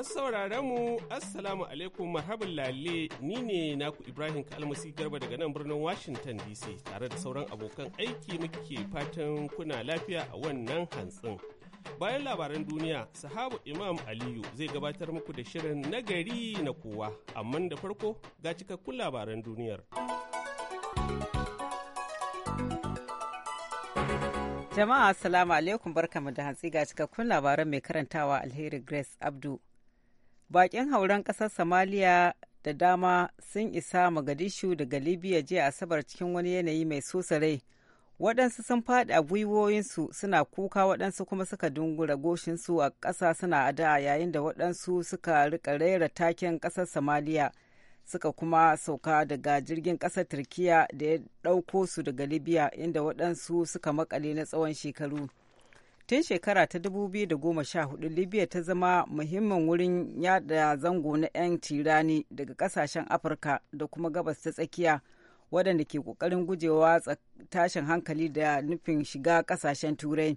Masu sauraron mu Assalamu alaikum marhaban lalle ni ne naku Ibrahim Kalmasi Garba daga nan birnin Washington DC tare da sauran abokan aiki muke fatan kuna lafiya a wannan hantsin. Bayan labaran duniya, sahabu Imam Aliyu zai gabatar muku da shirin nagari na kowa, amma da farko ga cikakkun labaran duniyar. Jama'a Assalamu alaikum barkamu da hantsi ga cikakkun labaran mai karantawa Alheri Grace Abdu. bakin hauren kasar Somalia da dama sun isa Mogadishu daga Libya jiya Asabar cikin wani yanayi mai sosa rai. Waɗansu sun faɗi a gwiwoyinsu suna kuka waɗansu kuma suka dungura goshinsu a ƙasa suna ada yayin da waɗansu suka riƙa rera taken ƙasar Somalia suka kuma sauka daga jirgin ƙasar Turkiya da ya ɗauko su daga Libya inda waɗansu suka makale na tsawon shekaru. tun shekara ta 2014 libya ta zama muhimmin wurin yada zango na 'yan tirani daga kasashen afirka da kuma gabas ta tsakiya waɗanda ke ƙoƙarin gujewa tashin hankali da nufin shiga ƙasashen turai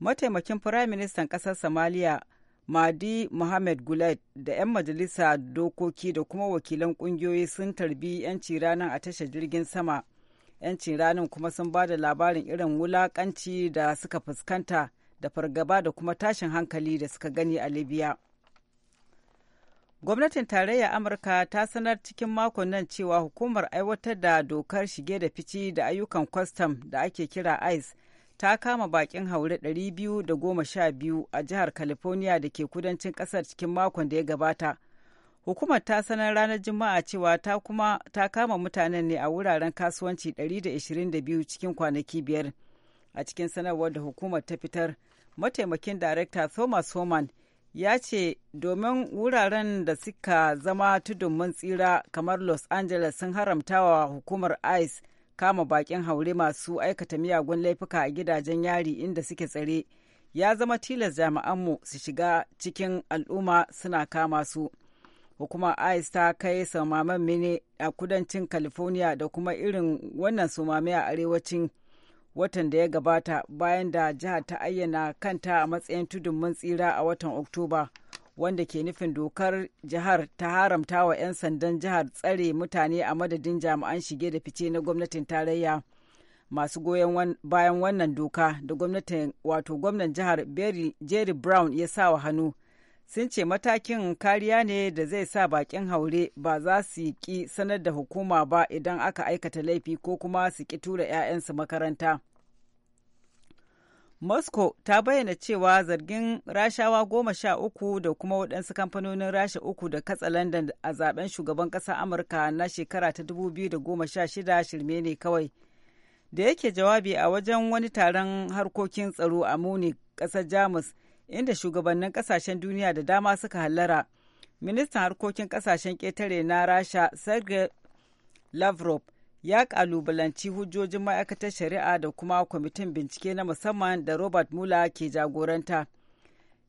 mataimakin firaministan ƙasar somaliya madi mohamed gulet da 'yan majalisa dokoki da kuma wakilan ƙungiyoyi sun tarbi 'yan ranar a tashar jirgin sama 'yancin ranin kuma sun ba da labarin irin wulakanci da suka fuskanta da fargaba da kuma tashin hankali da suka gani a libya gwamnatin tarayyar amurka ta sanar cikin makon nan cewa hukumar aiwatar da dokar shige da fici da ayyukan kwastam da ake kira ice ta kama bakin haure 212 a jihar california da ke kudancin kasar cikin makon da ya gabata. Hukumar ta sanar ranar Juma'a cewa ta kuma ta kama mutanen ne a wuraren kasuwanci 122 cikin kwanaki biyar. A cikin sanarwar da hukumar ta fitar, mataimakin darekta Thomas Homan ya ce domin wuraren da suka zama tudun mun tsira kamar Los Angeles sun haramta wa hukumar ICE kama bakin haure masu aikata miyagun laifuka a gidajen yari inda suke tsare ya zama tilas jami'anmu su shiga cikin al'umma suna kama su kuma ice ta kai samaman mini a kudancin california da kuma irin wannan sumame a arewacin watan da ya gabata bayan da jihar ta ayyana kanta a matsayin tudun mun tsira a watan oktoba wanda ke nufin dokar jihar ta haramta wa 'yan sandan jihar tsare mutane a madadin jami'an shige da fice na gwamnatin tarayya masu goyon bayan wannan doka da gwamnatin wato gwamnan jihar jerry brown ya sa wa hannu sun ce matakin kariya ne da zai sa bakin haure ba za su ki sanar da hukuma ba idan aka aikata laifi ko kuma su ki tura 'ya'yansu makaranta. Moscow ta bayyana cewa zargin rashawa goma sha uku da kuma waɗansu kamfanonin rasha uku da katsa London a zaben shugaban ƙasar Amurka na shekara ta 2016 shirme ne kawai. Da yake jawabi a wajen wani taron harkokin tsaro a Munich, ƙasar Jamus, inda shugabannin kasashen duniya da dama suka hallara. Ministan harkokin kasashen ƙetare na Rasha Sergei Lavrov ya kalubalanci hujjojin ma'aikatar shari'a da kuma kwamitin bincike na musamman da Robert mula ke jagoranta.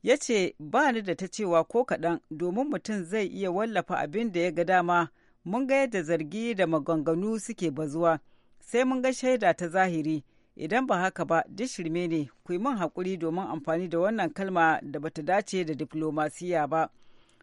Ya ce ba ni da ta cewa ko kaɗan domin mutum zai iya wallafa abin da ya ga dama mun ga yadda zargi da maganganu suke bazuwa sai mun ga shaida ta zahiri idan ba haka ba duk shirme ne ku yi man haƙuri domin amfani da wannan kalma da bata dace da diflomasiya ba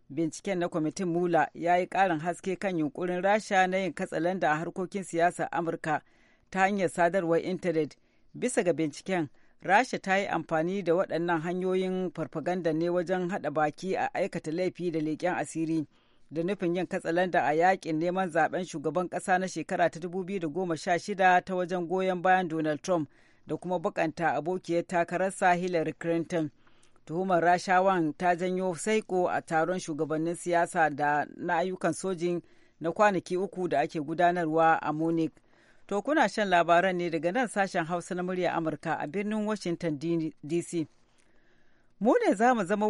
binciken na kwamitin mula ya yi ƙarin haske kan yunkurin rasha na yin katsalan a harkokin siyasa amurka ta hanyar sadarwar intanet bisa ga binciken rasha ta yi amfani da waɗannan hanyoyin farfaganda ne wajen haɗa baki a aikata laifi da leƙen asiri da nufin yin katsalanda a yakin neman zaben shugaban kasa na shekara ta 2016 ta wajen goyon bayan Donald Trump da kuma bakanta abokiyar takararsa Hillary Clinton. Tuhumar Rashawan ta janyo saiko a taron shugabannin siyasa da na ayyukan sojin na kwanaki uku da ake gudanarwa a Munich. To kuna shan labaran ne daga nan sashen Hausa na murya Amurka a birnin Washington DC. Mu ne za mu zama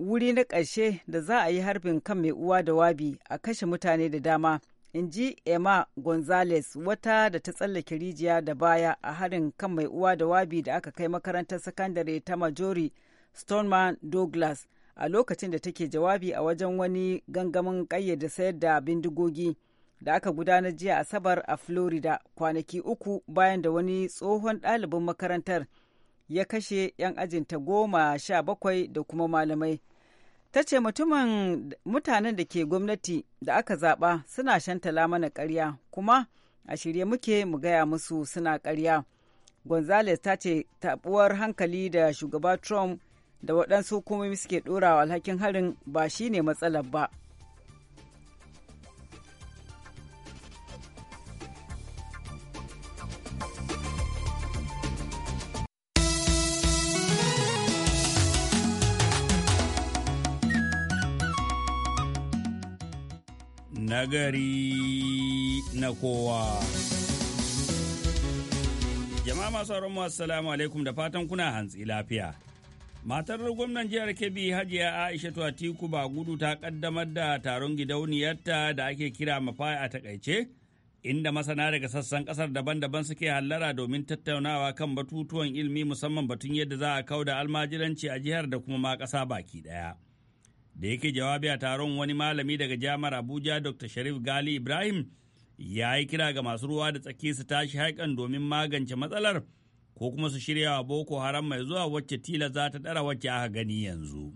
wuri na ƙarshe da za a yi harbin kan mai uwa da wabi a kashe mutane da dama in ji emma gonzales wata da ta tsallake rijiya da baya a harin kan mai uwa da wabi da aka kai makarantar sakandare ta majori stoneman douglas a lokacin da take jawabi a wajen wani gangamin ƙayyade sayar da bindigogi da aka gudanar jiya asabar a florida kwanaki uku bayan da wani tsohon ɗalibin makarantar ya kashe 'yan ajinta goma sha bakwai da kuma malamai. Ta ce mutumin mutanen da ke gwamnati da aka zaɓa suna shantala mana karya kuma a shirye muke mu gaya musu suna karya Gonzales ta ce taɓuwar hankali da shugaba Trump da waɗansu hukumomi suke ɗorawa alhakin harin ba shine matsalar ba. nagari na kowa. Jama'a masu mu assalamu alaikum da fatan kuna hantsi lafiya. Matar gwamnan jihar Kebbi Hajiya Aisha Atiku ba gudu ta kaddamar da taron gidauniyarta da ake kira mafaya a takaice, inda masana daga sassan kasar daban-daban suke hallara domin tattaunawa kan batutuwan ilmi musamman batun yadda za a kauda almajiranci a jihar da kuma ma ƙasa baki ɗaya. da yake jawabi a taron wani malami daga jami'ar abuja dr sharif gali ibrahim ya yi kira ga masu ruwa da tsaki su tashi haikan domin magance matsalar ko kuma su shirya wa boko haram mai zuwa wacce tila za ta ɗara wacce aka gani yanzu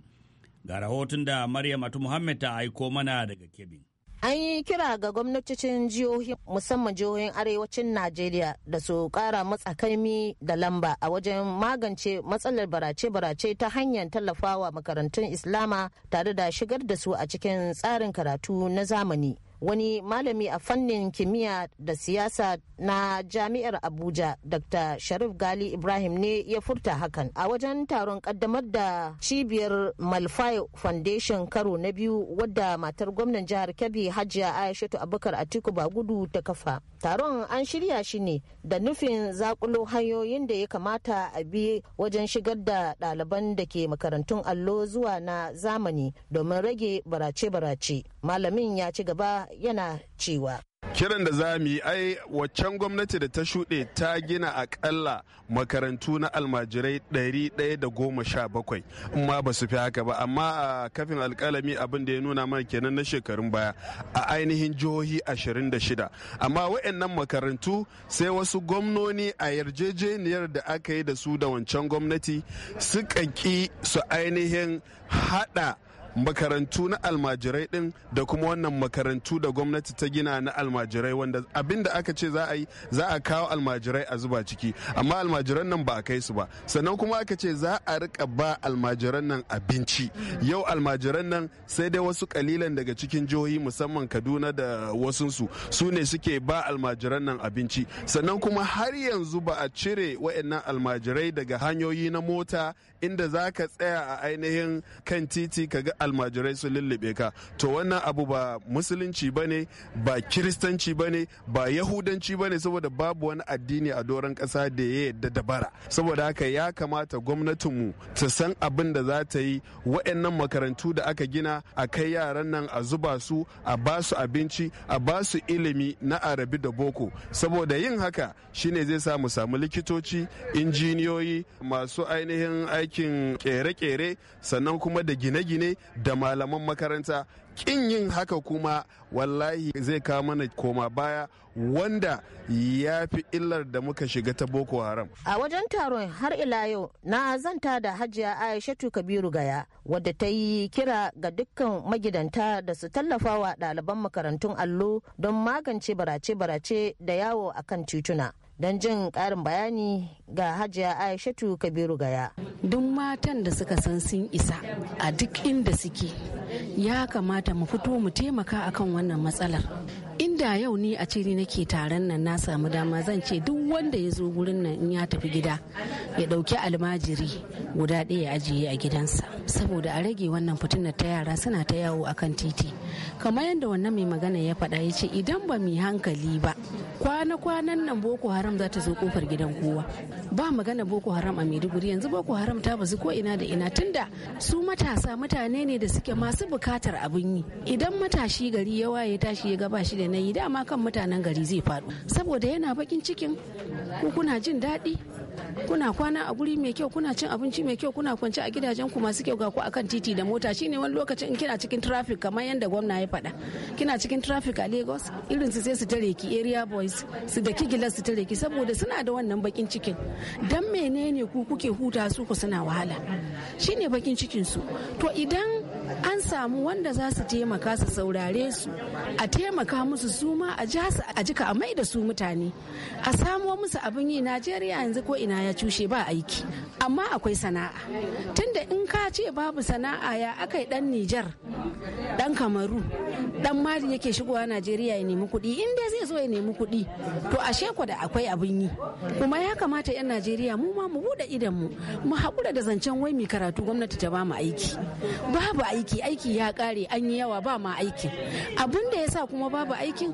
ga rahoton da maryam atu muhammad ta aiko mana daga kebin An yi kira ga gwamnatocin jihohi musamman jihohin arewacin Najeriya da su kara matsakaimi da lamba a wajen magance matsalar barace-barace ta hanyar tallafawa makarantun Islama tare da shigar da su a cikin tsarin karatu na zamani. wani malami a fannin kimiyya da siyasa na jami'ar abuja dr sharif gali ibrahim ne ya furta hakan a wajen taron kaddamar da cibiyar malfai foundation karo na biyu wadda matar gwamnan jihar kebbi hajiya aishatu abubakar atiku bagudu ta kafa taron an shirya shi ne da nufin zakulo hanyoyin da ya kamata a bi wajen shigar da ɗaliban da ke makarantun allo zuwa na zamani domin rage barace-barace malamin ya ci gaba yana cewa kiran da za mu yi ai waccan gwamnati da ta shuɗe ta gina akalla makarantu na almajirai 117 amma ba su fi haka ba amma a kafin alkalami abin da ya nuna mana kenan na shekarun baya a ainihin jihohi 26 amma wa'annan makarantu sai wasu gwamnoni a yarjejeniyar da aka yi da su da wancan gwamnati suka ki su ainihin haɗa makarantu na almajirai din da kuma wannan makarantu da gwamnati ta gina na almajirai wanda abin da aka ce za a yi za a kawo almajirai a zuba ciki amma almajiran nan ba a kai su ba sannan kuma aka ce za a rika ba almajiran nan abinci yau almajiran nan sai dai wasu kalilan daga cikin jihohi musamman kaduna da wasunsu su ne suke ba almajiran nan abinci sannan kuma har yanzu ba a cire wa'annan almajirai daga hanyoyi na mota inda za ka tsaya a ainihin kan titi ka ga almajirai su lullube ka to wannan abu ba musulunci ba ne ba kiristanci ba ne ba yahudanci ba ne saboda babu wani addini a doron ƙasa da ya yadda dabara saboda haka ya kamata gwamnatinmu ta san abin da za ta yi wa'annan makarantu da aka gina a kai yaran nan a zuba su a ba su abinci a ba su ilimi na arabi da boko saboda yin haka shine zai sa mu samu likitoci injiniyoyi masu ainihin aikin kere-kere sannan kuma da gine-gine da malaman makaranta kin yin haka kuma wallahi zai kawo mana koma baya wanda ya fi illar da muka shiga ta boko haram a wajen taron har ila yau na zanta da hajiya aishatu kabiru gaya wadda ta yi kira ga dukkan magidanta da su tallafa wa ɗaliban makarantun allo don magance barace-barace da yawo a kan tituna don jin ƙarin bayani ga hajiya aishatu kabiru gaya duk matan da suka san sun isa a duk inda suke ya kamata mu fito mu taimaka akan wannan matsalar inda yau ni a ciri nake taron nan na samu dama zan ce duk wanda ya zo wurin nan in ya tafi gida ya ɗauki almajiri guda ɗaya ya ajiye a gidansa saboda a rage wannan fitinar ta yara suna ta yawo akan titi kamar yadda wannan mai magana ya faɗa ya ce idan ba mu hankali ba kwana-kwanan nan boko haram za ta zo kofar gidan kowa ba magana boko haram a maiduguri yanzu boko haram ta bazu ko ina da ina tunda su matasa mutane ne da suke masu bukatar abin yi idan matashi gari ya waye tashi ya gaba shi da na yi dama kan mutanen gari zai faɗo saboda yana bakin cikin ku kuna jin daɗi kuna kwana a guri mai kyau kuna cin abinci mai kyau kuna kwance a gidajen ku masu kyau ga ku akan titi da mota shine wani lokacin in kina cikin traffic kamar yadda gwamna ya faɗa kina cikin traffic a Lagos irin su sai su tare ki area boys su da kigila su tare ki saboda suna da wannan bakin cikin dan menene ku kuke huta su ku suna wahala shine bakin cikin su to idan an samu wanda za su taimaka su saurare su a taimaka musu su ma a ji su a jika a mai da su mutane a samo musu abin yi najeriya yanzu ko ina ya cushe ba aiki amma akwai sana'a tunda in ka ce babu sana'a ya aka yi dan nijar dan kamaru dan mari yake shigowa najeriya ya nemi kuɗi in dai zai zo ya nemi kuɗi to a sheko da akwai abin yi kuma ya kamata 'yan najeriya mu ma mu buɗe idan mu mu haƙura da zancen wai mai karatu gwamnati ta ba mu aiki babu aiki aiki aiki ya kare an yi yawa ba ma aiki abin da ya sa kuma babu aikin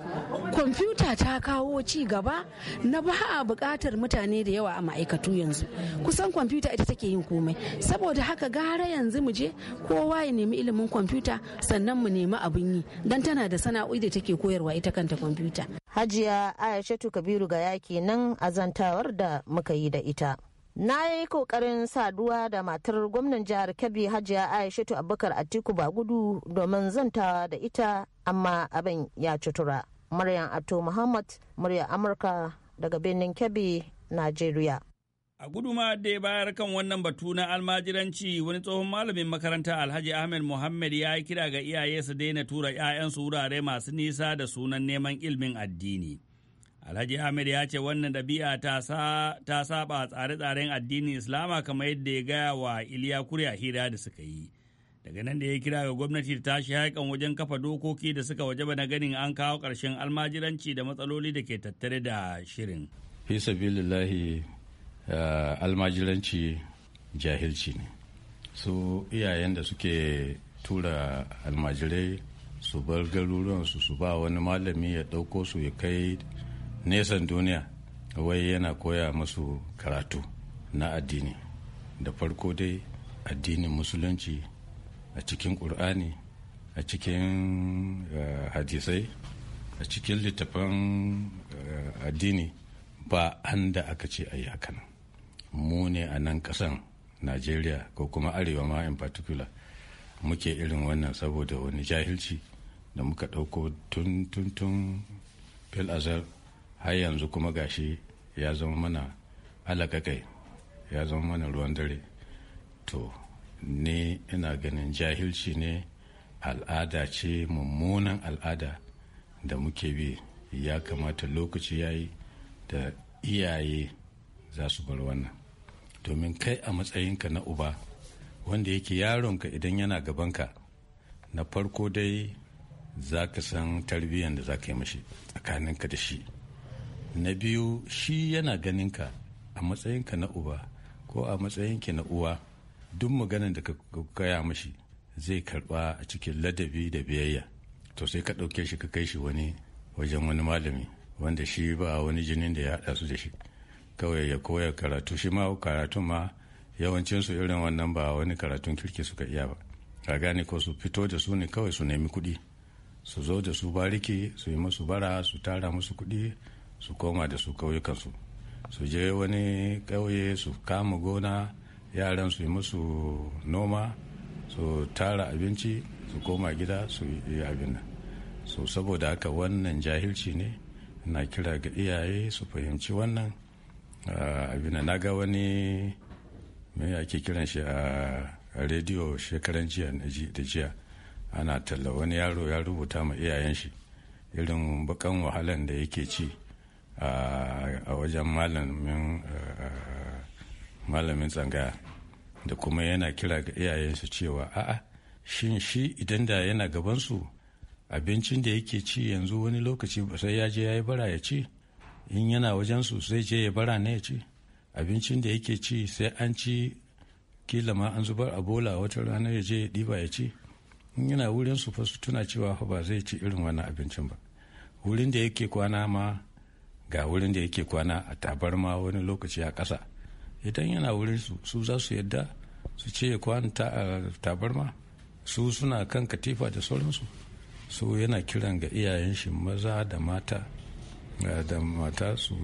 kwamfuta ta kawo ci gaba na ba a bukatar mutane da yawa a ma'aikatu yanzu kusan kwamfuta ita take yin komai saboda haka gara yanzu mu je kowa ya nemi ilimin kwamfuta sannan mu nemi abin yi dan tana da sana'o'i da take koyarwa ita kanta kwamfuta hajiya aishatu kabiru ga yaki nan azantawar da muka yi da ita na yi kokarin saduwa da matar gwamnan jihar kebbi hajiya aishatu abubakar atiku bagudu domin zantawa da ita amma abin ya cutura maryam ato muhammad murya amurka daga birnin kebbi nigeria a guduma da ya bayar kan wannan batu na almajiranci wani tsohon malamin makaranta alhaji ahmed muhammad ya yi kira ga iyaye su daina tura 'ya'yansu wurare masu nisa da sunan neman ilmin addini Alhaji Ahmed ya ce wannan ɗabi'a ta saba tsare-tsaren addinin Islama kamar yadda ya gaya wa Iliya Kurya hira da suka yi. Daga nan da ya kira ga gwamnati ta tashi haikan wajen kafa dokoki da suka wajaba na ganin an kawo ƙarshen almajiranci da matsaloli da ke tattare da shirin. Fi eh, almajiranci jahilci ne. Su iyayen da suke tura almajirai su bar garuruwansu su ba wani malami ya ɗauko su ya kai nesan duniya wai yana koya musu karatu na addini da farko dai addinin musulunci a cikin ƙur'ani a cikin eh, hadisai a cikin littafan eh, addini ba an da aka ce a yi mu ne a nan ƙasan najeriya ko kuma arewa ma in particular muke irin wannan saboda wani jahilci da muka ɗauko tun tun tun fil azar har yanzu kuma gashi ya zama mana alakakai ya zama mana ruwan dare to ni ina ganin jahilci ne al'ada ce mummunan al'ada da muke bi ya kamata lokaci ya yi da iyaye za su bar wannan domin kai a matsayinka na uba wanda yake yaronka idan yana gabanka na farko dai za ka san tarbiyyar da za ka yi mashi tsakaninka da shi na biyu shi yana ganin ka a matsayinka na uba ko a matsayin ki na uwa duk maganin da ka gaya mashi zai karba a cikin ladabi da biyayya to sai ka ɗauke shi ka kai shi wani wajen wani malami wanda shi ba wani jinin da ya haɗa su da shi kawai ya koya karatu shi ma karatun ma Yawancin su irin wannan ba wani karatun kirki suka iya ba ka gane ko su fito da su ne kawai su nemi kuɗi su zo da su bariki su yi musu bara su tara musu kuɗi su koma da su kauyukansu su je wani ƙauye su kama gona yaran su yi musu noma su tara abinci su koma gida su yi abin nan so saboda haka wannan jahilci ne na kira ga iyaye su fahimci wannan ah, abin na ga wani mai ake kiran shi a rediyo shekaran jiya da jiya ana talla wani yaro ya rubuta ma iyayen shi irin bakan wahalan da yake ci a wajen malamin malamin tsangaya da kuma yana kira ga iyayensu cewa a'a shin shi idan da yana gabansu abincin da yake ci yanzu wani lokaci sai ya je ya yi bara ya ci in yana wajensu sai je ya bara ne ya ci abincin da yake ci sai an ci kila ma an zubar a bola wata rana ya je ya ɗiba ya ci in yana wurin su fa su tuna cewa fa ba zai ci irin wannan abincin ba wurin da yake kwana ma ga wurin da yake kwana a tabarma wani lokaci a ƙasa idan yana wurin su su za su yadda su ce ya kwanta a tabarma su suna kan katifa da sauransu su yana kiran ga iyayen shi maza da mata da mata su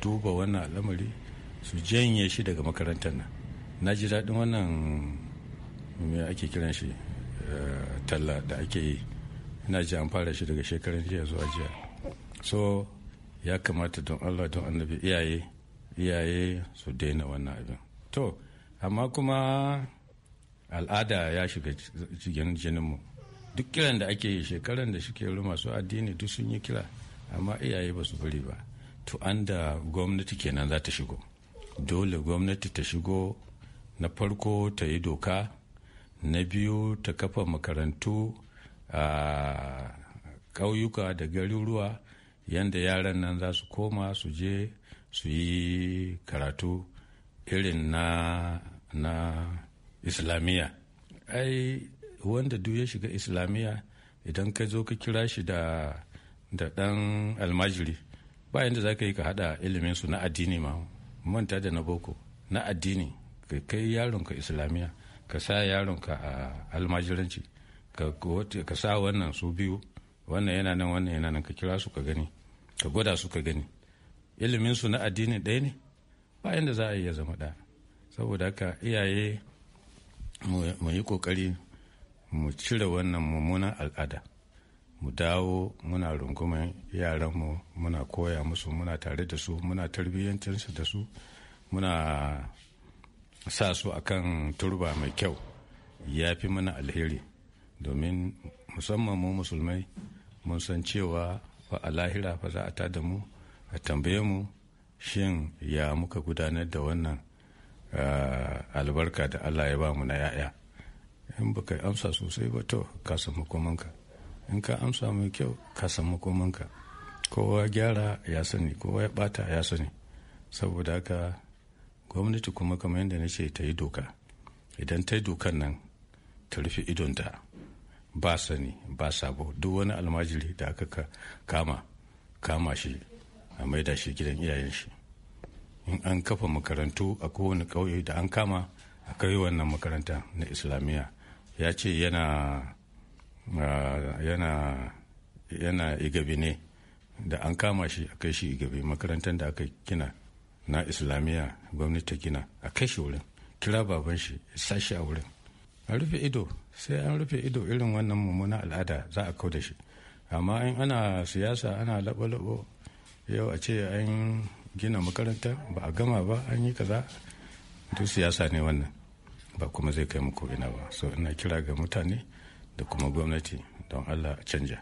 duba wannan al'amari su janye shi daga makarantar nan na ji daɗin wannan me ake kiran shi talla da ake yi na ji an fara shi daga shekaran jiya zuwa jiya so ya kamata don allah don annabi iyaye iyaye su daina wannan abin to amma kuma al'ada ya shiga cikin jininmu duk kiran da ake yi shekaran da suke yi masu addini duk sun yi kira amma iyaye ba su bari ba to an da gwamnati kenan za ta shigo dole gwamnati ta shigo na farko ta yi doka na biyu ta kafa makarantu a ah, ƙauyuka da garuruwa yadda yaran nan za su koma su je su yi karatu irin na na islamiyya ai wanda duk ya shiga islamiyya idan ka zo ka kira shi da da dan almajiri ba yadda za ka yi ka hada ilimin su na addini ma manta da na boko na addini ka kai yaronka islamiyya ka sa yaronka a almajiranci ka sa wannan su biyu wannan yana nan wannan yana nan ka kira su ka gani ka gwada su ka gani ilimin su na addini ɗaya ne ba yadda za a iya zama ɗaya saboda haka iyaye mu yi kokari mu cire wannan mummunan al'ada mu dawo muna yaran yaranmu muna koya musu muna tare da su muna tarbiyyancinsu da su muna sa su akan turba mai kyau ya fi mana alheri domin musamman mu musulmai mun san cewa fa a lahira fa za a ta da mu a tambaye mu shin ya muka gudanar da wannan ah, albarka da allah ya ba mu na ya'ya in baka amsa sosai ba to ka samu komanka in ka amsa mai kyau ka samu komanka kowa gyara ya sani kowa ya bata ya sani saboda haka gwamnati kuma kamar yadda na ce ta yi doka idan ta yi dokan nan ta rufe idonta ba sani ba sabo duk wani almajiri da aka kama kama shi a maida shi gidan iyayen shi in an kafa makarantu a kowane kauye da an kama a kai wannan makaranta na islamiyya ya ce yana yana yana ne da an kama shi a kai shi igabi makarantar da aka gina na islamiyya gwamnati ta gina a kai shi wurin kira baban shi sa shi a wurin a rufe ido sai an rufe ido irin wannan mummunan al'ada za a kau shi amma in ana siyasa ana labo-labo yau a ce an gina makaranta ba a gama ba an yi kaza duk siyasa ne wannan ba kuma zai kai mu ko ina ba so ina kira ga mutane da kuma gwamnati don allah canja.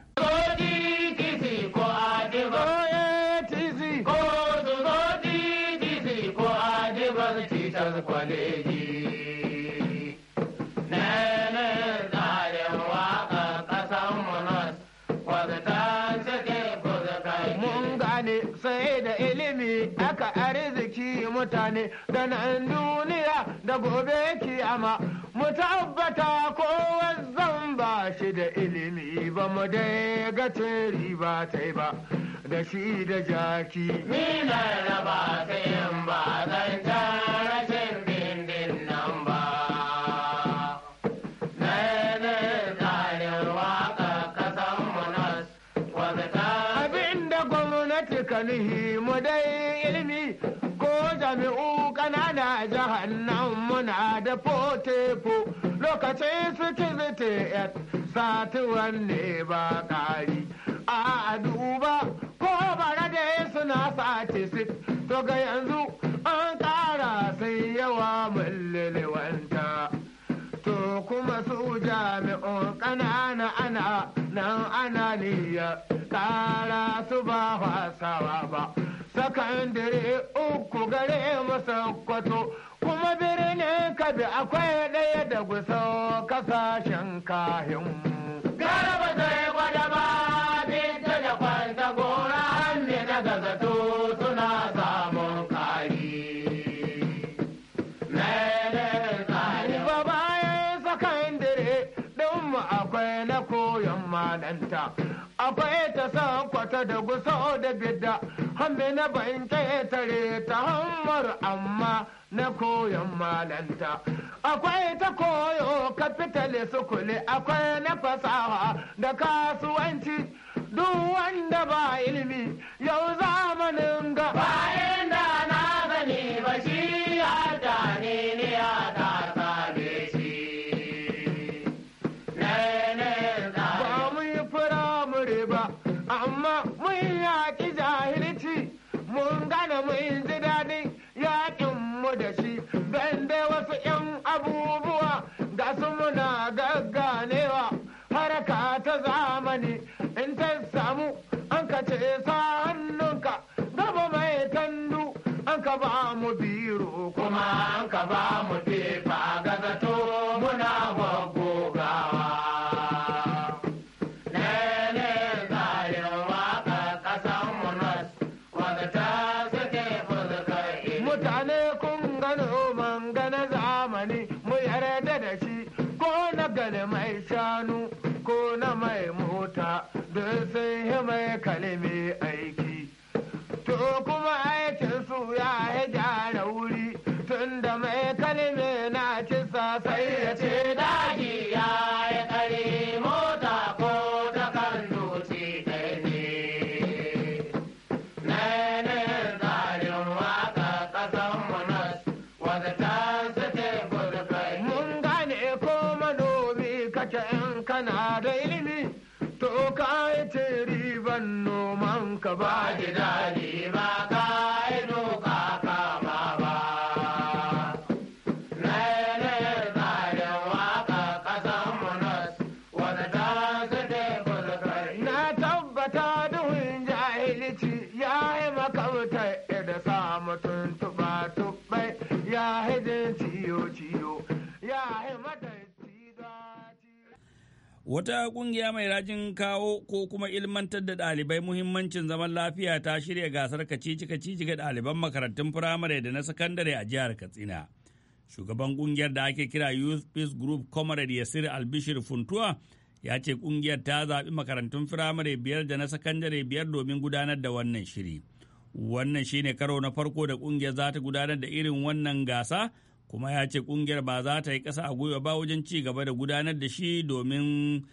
mutane da an duniya da gobe kiyama mu tabbata kowan zan ba shi da ilimi ba mu dai ga riba ta ba da shi da jaki ni na raba ta yin ba zan rashin gwamnati ka mu dai ilimi jami'u kanana jahannan muna da fotefo lokacin suke zite sati satuwan ne ba kari a duba ko bara da suna sati sit to ga yanzu an kara sai yawa mullilwanta to kuma su jami'un kanana ana nan ana niyya kara su ba fasawa ba sakandare uku gare masa kwato kuma birnin kabi akwai ɗaya da gusa kasashen kahin garaba zai gwada ba ta da kwanta gora an na gazato suna samun kari ba bayan sakandare ɗin mu akwai na koyon malanta akwai ta san kwata da gusa da bidda hambe na bayin tare ta hammar amma na koyon malanta akwai ta koyo kafitali sukuli akwai na fasaha da kasuwanci duk wanda ba ilimi yau zamanin ga bayan sa hannunka gaba mai tandu an ka ba mu biro kuma an ka ba mu da ilimi to ka yi riban noman ka ba da daɗi ba ka Wata ƙungiya mai rajin kawo ko kuma ilmantar da ɗalibai muhimmancin zaman lafiya ta shirya gasar kacici-kacici ga ɗaliban makarantun firamare da na sakandare a jihar Katsina. Shugaban ƙungiyar da ake kira Youth Peace Group Comrade Yasir Albishir Funtuwa ya ce ƙungiyar ta zaɓi makarantun firamare biyar da na sakandare biyar domin gudanar da wannan shiri. Wannan shi ne karo na farko da ƙungiyar za ta gudanar da irin wannan gasa kuma ya ce kungiyar ba za ta yi ƙasa a gwiwa ba wajen ci gaba da gudanar da shi domin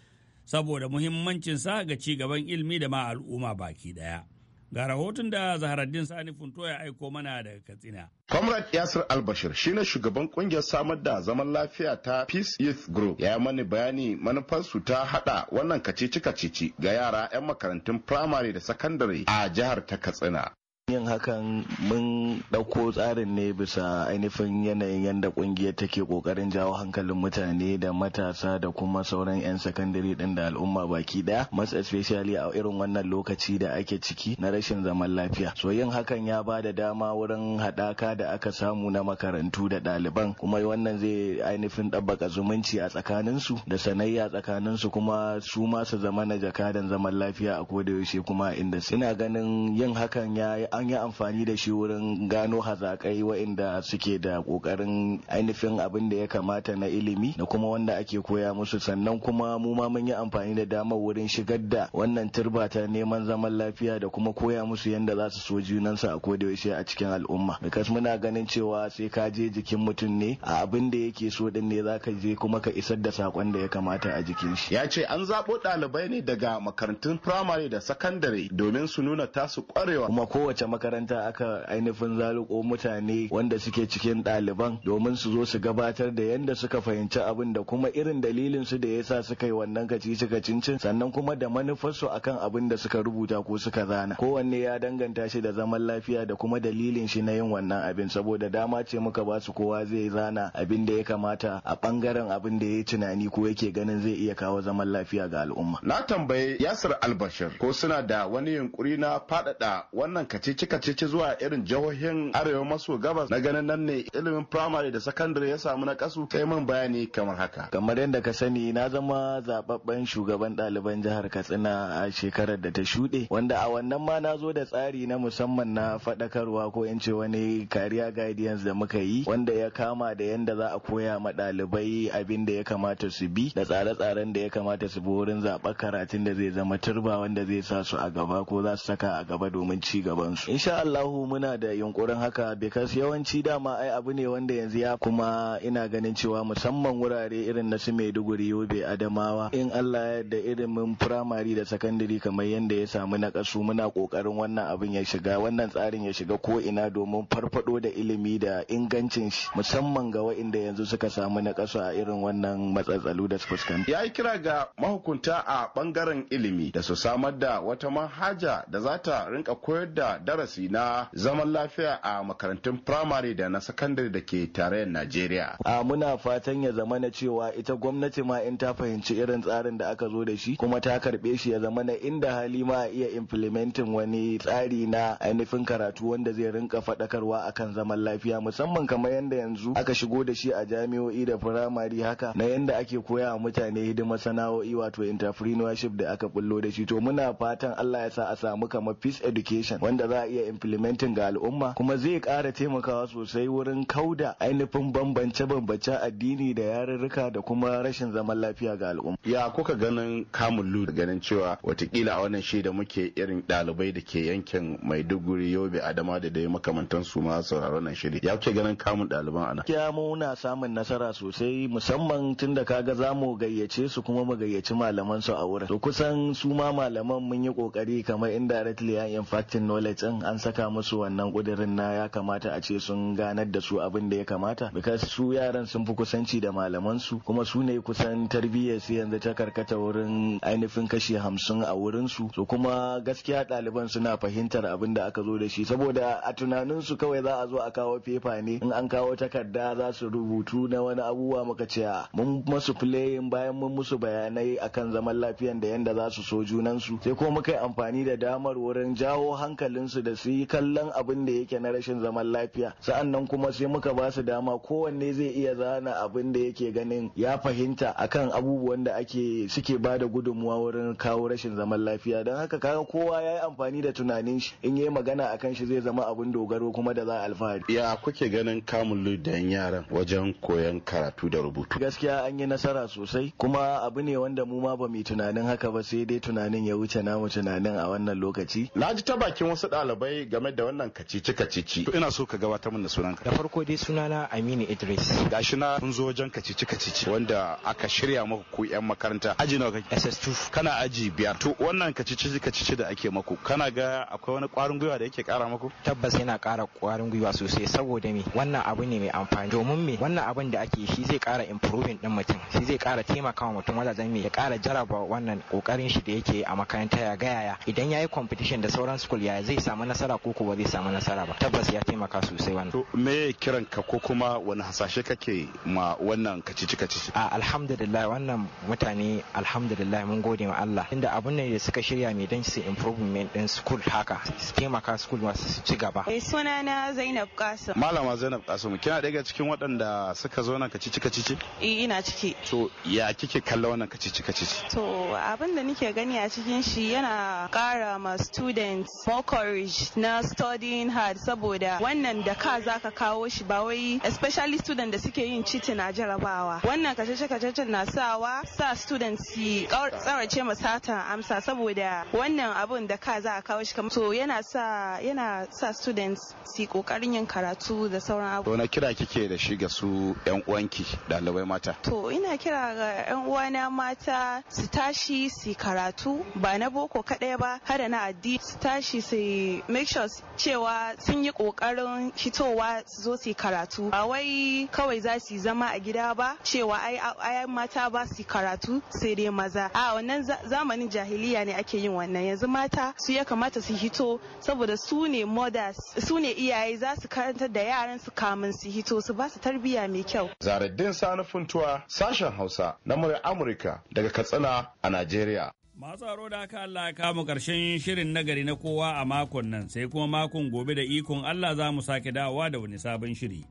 saboda muhimmancinsa ga ci gaban ilimi da ma al'umma baki daya Ga rahoton da Zaharaddin Sani Funto ya aiko mana daga Katsina. Comrade Yasir Albashir shine shugaban kungiyar samar da zaman lafiya ta Peace Youth Group ya mani bayani manufarsu ta hada wannan kacici kacici ga yara 'yan makarantun firamare da sakandare a jihar ta Katsina. yin hakan mun dauko tsarin ne bisa ainihin yanayin yadda ƙungiyar take ƙoƙarin jawo hankalin mutane da matasa da kuma sauran 'yan sakandare ɗin da al'umma baki ɗaya mas especially a irin wannan lokaci da ake ciki na rashin zaman lafiya so yin hakan ya ba da dama wurin haɗaka da aka samu na makarantu da ɗaliban kuma wannan zai ainihin ɗabbaka zumunci a tsakaninsu da sanayya tsakaninsu kuma su ma su zama na jakadan zaman lafiya a kodayaushe kuma inda ina ganin yin hakan ya yi an yi amfani da shi wurin gano hazakai waɗanda suke da ƙoƙarin ainihin abin da ya kamata na ilimi da kuma wanda ake koya musu sannan kuma mu ma mun yi amfani da damar wurin shigar da wannan turba ta neman zaman lafiya da kuma koya musu yadda za su so junansu a koda yaushe a cikin al'umma because muna ganin cewa sai ka je jikin mutum ne a abin da yake so din ne zaka je kuma ka isar da sakon da ya kamata a jikin shi ya ce an zaɓo ɗalibai ne daga makarantun firamare da sakandare domin su nuna tasu kwarewa kuma kowace A makaranta aka ainihin zaluko mutane wanda suke cikin ɗaliban domin su zo su gabatar da yadda suka fahimci abin da kuma irin dalilin su da yasa suka yi wannan kaci suka cincin sannan kuma da manufarsu akan abin da suka rubuta ko suka zana kowanne ya danganta shi da zaman lafiya da kuma dalilin shi na yin wannan abin saboda dama ce muka ba su kowa zai zana abin da ya kamata a bangaren abin da ya tunani ko yake ganin zai iya kawo zaman lafiya ga al'umma na tambaye yasir albashir ko suna da wani yunkuri na faɗaɗa wannan kaci kacici zuwa irin jihohin arewa maso gabas na ganin nan ne ilimin primary da secondary ya samu na kasu kai man bayani kamar haka kamar yadda ka sani na zama zababben shugaban ɗaliban jihar katsina a shekarar da ta shuɗe wanda a wannan ma na zo da tsari na musamman na faɗakarwa ko in ce wani kariya guidance da muka yi wanda ya kama da yadda za a koya ma ɗalibai abin da ya kamata su bi da tsare-tsaren da ya kamata su bi wurin zaɓar karatun da zai zama turba wanda zai sa su a gaba ko za su saka a gaba domin ci gabansu. insha Allahu muna da yunkurin haka because yawanci dama ai abu ne wanda yanzu ya kuma ina ganin cewa musamman wurare irin na su Maiduguri Yobe Adamawa in Allah ya yarda irin mun primary da secondary kamar yadda ya samu na kasu muna kokarin wannan abin ya shiga wannan tsarin ya shiga ko ina domin farfado da ilimi da ingancin shi musamman ga wa'inda yanzu suka samu na kasu a irin wannan matsatsalu da su fuskanta. Ya yi kira ga mahukunta a bangaren ilimi da su samar da wata manhaja da za ta rinka koyar da darasi na zaman lafiya a makarantun firamare da na sakandare da ke tarayyar Najeriya. A muna fatan ya zama na cewa ita gwamnati ma in ta fahimci irin tsarin da aka zo da shi kuma ta karbe shi ya zama na inda hali ma iya implementing wani tsari na ainihin karatu wanda zai rinka faɗakarwa akan zaman lafiya musamman kamar yadda yanzu aka shigo da shi a jami'o'i da firamare haka na yadda ake koya wa mutane hidimar sana'o'i wato entrepreneurship da aka bullo da shi to muna fatan Allah ya sa a samu kamar peace education wanda za a iya implementing ga al'umma kuma zai kara taimakawa sosai wurin kauda ainihin bambance-bambance addini da yarurruka da kuma rashin zaman lafiya ga al'umma. Ya kuka ganin kamun lu ganin cewa watakila a wannan shi da muke irin ɗalibai da ke yankin Maiduguri Yobe Adama da dai makamantan su ma sauraron nan shiri. Ya kuke ganin kamun ɗaliban ana? Kiya muna samun nasara sosai musamman tun da kaga za mu gayyace su kuma mu gayyaci malaman su a wurin. To kusan su ma malaman mun yi kokari kamar indirectly ya in factin knowledge an saka musu wannan kudirin na ya kamata a ce sun ganar da su abin da ya kamata because su yaran sun fi kusanci da malaman su kuma su ne kusan tarbiyyar su yanzu ta karkata wurin ainihin kashi hamsin a wurin su so kuma gaskiya ɗaliban suna fahimtar abin da aka zo da shi saboda a tunanin su kawai za a zo a kawo fefa ne in an kawo takarda za su rubutu na wani abubuwa muka ce mun musu filayin bayan mun musu bayanai akan zaman lafiyan da yanda za su so junan su sai kuma muka yi amfani da damar wurin jawo hankalin su da su yi kallon abin da yake na rashin zaman lafiya sa'annan kuma sai muka ba su dama kowanne zai iya zana abin da yake ganin ya fahimta akan abubuwan da ake suke ba da gudunmuwa wurin kawo rashin zaman lafiya don haka kaga kowa ya yi amfani da tunanin shi in yi magana akan shi zai zama abin dogaro kuma da za a alfahari ya kuke ganin kamun ludan yaran wajen koyon karatu da rubutu gaskiya an yi nasara sosai kuma abu ne wanda mu ma ba mu tunanin haka ba sai dai tunanin ya wuce namu tunanin a wannan lokaci na ji ta bakin wasu ɗalibai game da wannan kacici-kacici. Ina so ka gabatar min sunan sunanka. Da farko dai sunana Aminu Idris. Gashi na kun zo wajen kacici-kacici wanda aka shirya maku ku 'yan makaranta. Aji nawa kake? SS2. Kana aji biyar. To wannan kacici-kacici da ake maku kana ga akwai wani ƙwarin gwiwa da yake ƙara maku? Tabbas yana ƙara ƙwarin gwiwa sosai saboda me wannan abu ne mai amfani domin me wannan abin da ake shi zai ƙara improving ɗin mutum shi zai ƙara taimakawa mutum wajajen me ya ƙara jaraba wannan ƙoƙarin shi da yake a makaranta ya ga yaya idan ya yi competition da sauran school ya zai samu samu nasara ko kuwa zai samu nasara ba tabbas ya taimaka sosai wannan to me kiran ka ko kuma wani hasashe kake ma wannan kacici kacici a alhamdulillah wannan mutane alhamdulillah mun gode ma Allah inda abun ne da suka shirya mai dan su improvement din school haka su taimaka school masu ci gaba eh na Zainab Kasim malama Zainab Kasim kina daga cikin waɗanda suka zo nan kacici kacici eh ina ciki to ya kike kalla wannan kacici kacici to abin da nike gani a cikin shi yana ƙara ma students more courage college na studying hard saboda wannan da ka zaka kawo shi ba wai especially student da suke yin cheating na jarabawa wannan kacace kacace na sawa sa student si tsarace masata amsa saboda wannan abun da ka za a kawo shi kamar to yana sa yana sa students si kokarin yin karatu da sauran abu. na kira kike da shi ga su yan uwanki dalibai mata? To ina kira ga yan uwana mata su tashi su karatu ba na boko kaɗai ba har na addini su tashi su make sure cewa sun yi kokarin fitowa su zo su karatu ba wai kawai za su zama a gida ba cewa ai mata ba su karatu sai dai maza a wannan zamanin jahiliya ne ake yin wannan yanzu mata su ya kamata su hito saboda su ne mothers su ne iyaye za su karantar da yaran su kamun su hito su ba su tarbiyya mai kyau zaradin sanufuntuwa sashen hausa na murya amurka daga katsina a najeriya Masu haro da haka Allah ya kama ƙarshen shirin nagari na kowa a makon nan sai kuma makon gobe da ikon Allah za mu sake dawowa da wani sabon shiri.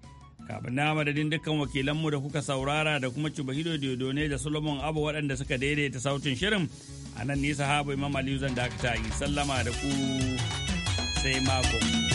Kafin na madadin dukkan wakilanmu da kuka saurara da kuma Cibahiro ne da Solomon Abu waɗanda suka daidaita sautin shirin a nan nisa habu Imam Aliyu zan dakata yi sallama da ku sai makon.